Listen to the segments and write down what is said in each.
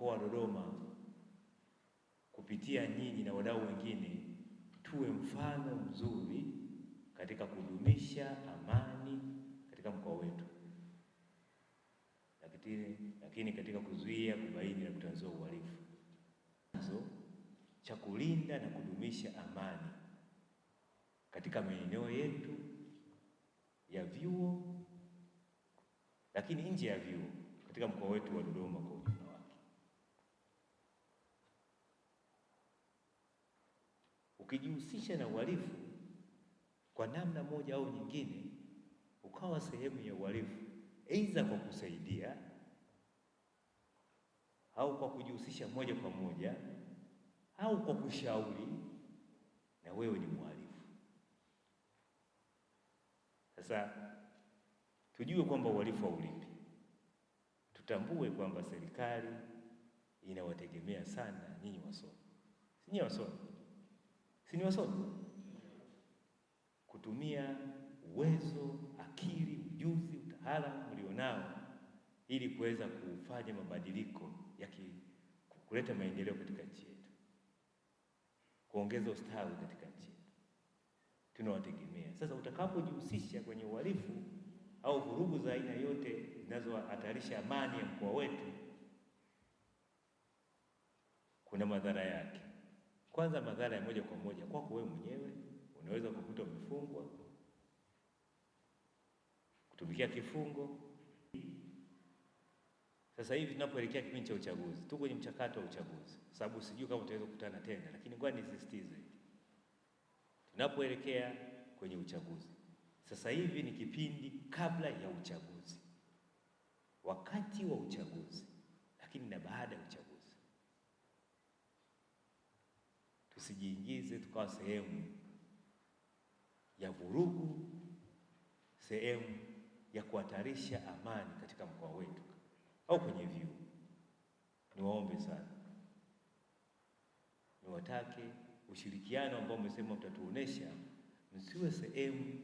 mkoa wa Dodoma kupitia nyinyi na wadau wengine tuwe mfano mzuri katika kudumisha amani katika mkoa wetu, lakini, lakini katika kuzuia kubaini na kutanzua uhalifu. Chanzo cha kulinda na kudumisha amani katika maeneo yetu ya vyuo, lakini nje ya vyuo katika mkoa wetu wa Dodoma kwa ukijihusisha na uhalifu kwa namna moja au nyingine, ukawa sehemu ya uhalifu, aidha kwa kusaidia au kwa kujihusisha moja kwa moja au kwa kushauri, na wewe ni mhalifu. Sasa tujue kwamba uhalifu haulipi, tutambue kwamba serikali inawategemea sana nyinyi wasomi, si nyinyi wasomi si ni wasomi, kutumia uwezo, akili, ujuzi, utaalamu mlionao ili kuweza kufanya mabadiliko ya kuleta maendeleo katika nchi yetu, kuongeza ustawi katika nchi yetu tunawategemea. Sasa utakapojihusisha kwenye uhalifu au vurugu za aina yote zinazohatarisha amani ya mkoa wetu, kuna madhara yake. Kwanza, madhara ya moja kwa moja kwako wewe mwenyewe, unaweza kukuta umefungwa kutumikia kifungo. Sasa hivi tunapoelekea kipindi cha uchaguzi, tuko kwenye mchakato wa uchaguzi, sababu sijui kama tutaweza kukutana tena, lakini ngoja nisisitize, tunapoelekea kwenye uchaguzi sasa hivi ni kipindi kabla ya uchaguzi, wakati wa uchaguzi, lakini na baada ya uchaguzi. tusijiingize tukawa sehemu ya vurugu, sehemu ya kuhatarisha amani katika mkoa wetu au kwenye vyuo. Niwaombe sana, niwatake ushirikiano ambao umesema mtatuonesha, msiwe sehemu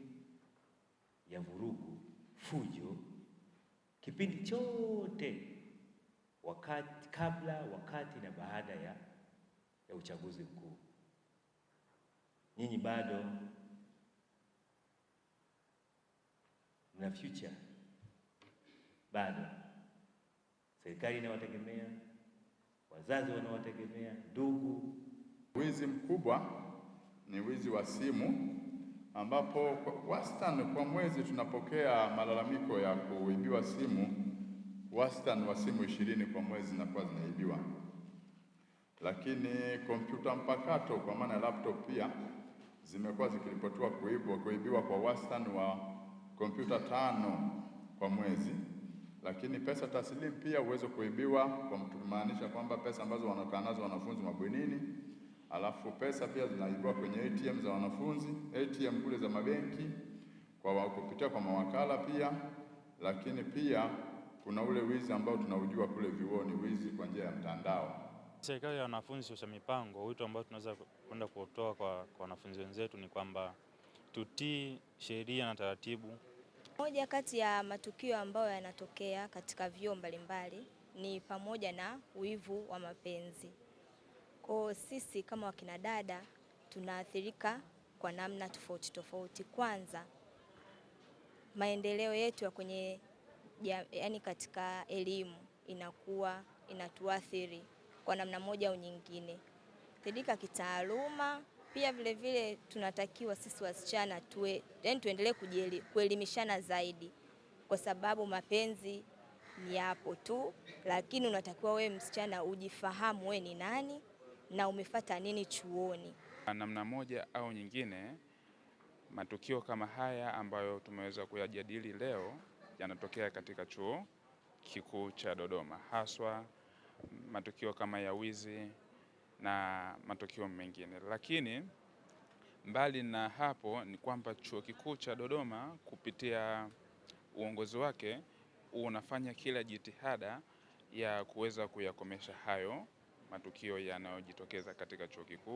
ya vurugu, fujo kipindi chote wakati, kabla, wakati na baada ya, ya uchaguzi mkuu nyinyi bado mna future, bado serikali inawategemea, wazazi wanawategemea, ndugu. Wizi mkubwa ni wizi wa simu ambapo kwa wastani kwa mwezi tunapokea malalamiko ya kuibiwa simu, wastani wa simu ishirini kwa mwezi zinakuwa zinaibiwa. Lakini kompyuta mpakato kwa maana ya laptop pia zimekuwa zikiripotiwa kuibwa kuibiwa kwa wastani wa kompyuta tano kwa mwezi, lakini pesa taslimu pia uwezo kuibiwa kwa kumaanisha kwamba pesa ambazo wanakaa nazo wanafunzi mabwenini, alafu pesa pia zinaibiwa kwenye ATM za wanafunzi, ATM kule za mabenki kwa kupitia kwa mawakala pia, lakini pia kuna ule wizi ambao tunaujua kule vyuoni, wizi kwa njia ya mtandao. Serikali ya wanafunzi hususha mipango, wito ambao tunaweza kwenda kuotoa kwa wanafunzi wenzetu ni kwamba tutii sheria na taratibu. Moja kati ya matukio ambayo yanatokea katika vyuo mbalimbali ni pamoja na wivu wa mapenzi. Kwa sisi kama wakina dada tunaathirika kwa namna tofauti tofauti. Kwanza, maendeleo yetu ya kwenye ya, yani katika elimu inakuwa inatuathiri kwa namna moja au nyingine, tidika kitaaluma. Pia vilevile vile tunatakiwa sisi wasichana tuwe, yani tuendelee kuelimishana zaidi, kwa sababu mapenzi ni yapo tu, lakini unatakiwa wewe msichana ujifahamu wewe ni nani na umefata nini chuoni. Namna moja au nyingine, matukio kama haya ambayo tumeweza kuyajadili leo yanatokea katika chuo kikuu cha Dodoma haswa matukio kama ya wizi na matukio mengine. Lakini mbali na hapo ni kwamba Chuo Kikuu cha Dodoma kupitia uongozi wake unafanya kila jitihada ya kuweza kuyakomesha hayo matukio yanayojitokeza katika chuo kikuu.